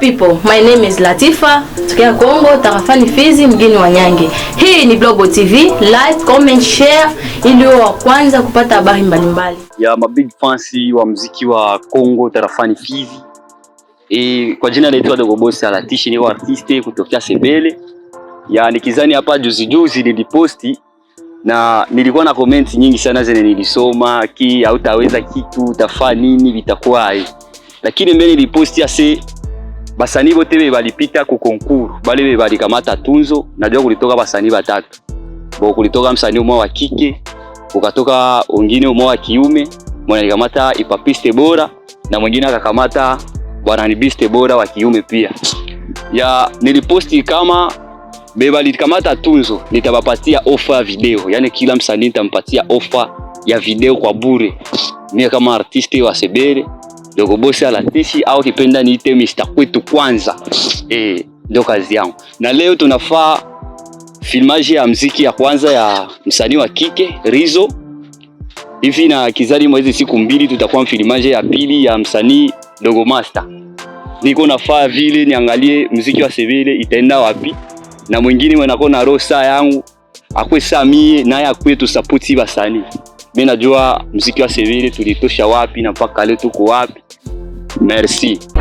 people, my name is Latifa tokea Kongo, tarafani Fizi, mgini wa Nyange. Hii ni Global TV, like, comment, share ili wa kwanza kupata habari mbalimbali ya mabig fansi wa mziki wa Kongo, tarafani Fizi. E, kwa jina naitwa Dogo Boss Alatishi, ni artiste kutokea Sebele ya nikizani hapa. Juzi juzi niliposti na nilikuwa na comment nyingi sana zenye nilisoma ki hautaweza kitu utafaa nini vitakuwa hai, lakini mbele niliposti se basani bote be balipita ku konkuru bale be balikamata tunzo, najua kulitoka basani batatu bo, kulitoka msanii umoja wa kike, ukatoka wengine umoja wa kiume, mwana alikamata ipapiste bora na mwingine akakamata bwana ni biste bora wa kiume pia. Ya niliposti kama beba likamata tunzo, nitabapatia ofa ya video, yani kila msanii nitampatia ofa ya video kwa bure, mimi kama artiste wa sebere Dogobosi alatishi au kipenda niite Mr. Kwetu kwanza. e, eh, ndo kazi yangu. Na leo tunafaa filmaji ya mziki ya kwanza ya msanii wa kike Rizo. Hivi na kizali mwezi siku mbili tutakuwa mfilimaji ya pili ya msanii Dogo Master. Niko nafaa vile niangalie mziki wa Sebele itaenda wapi. Na mwingine mwenako na rosa yangu akwe samie naye akwe tusapoti basanii mi najua mziki wa Sevili tulitosha wapi na mpaka leo tuko wapi. Merci.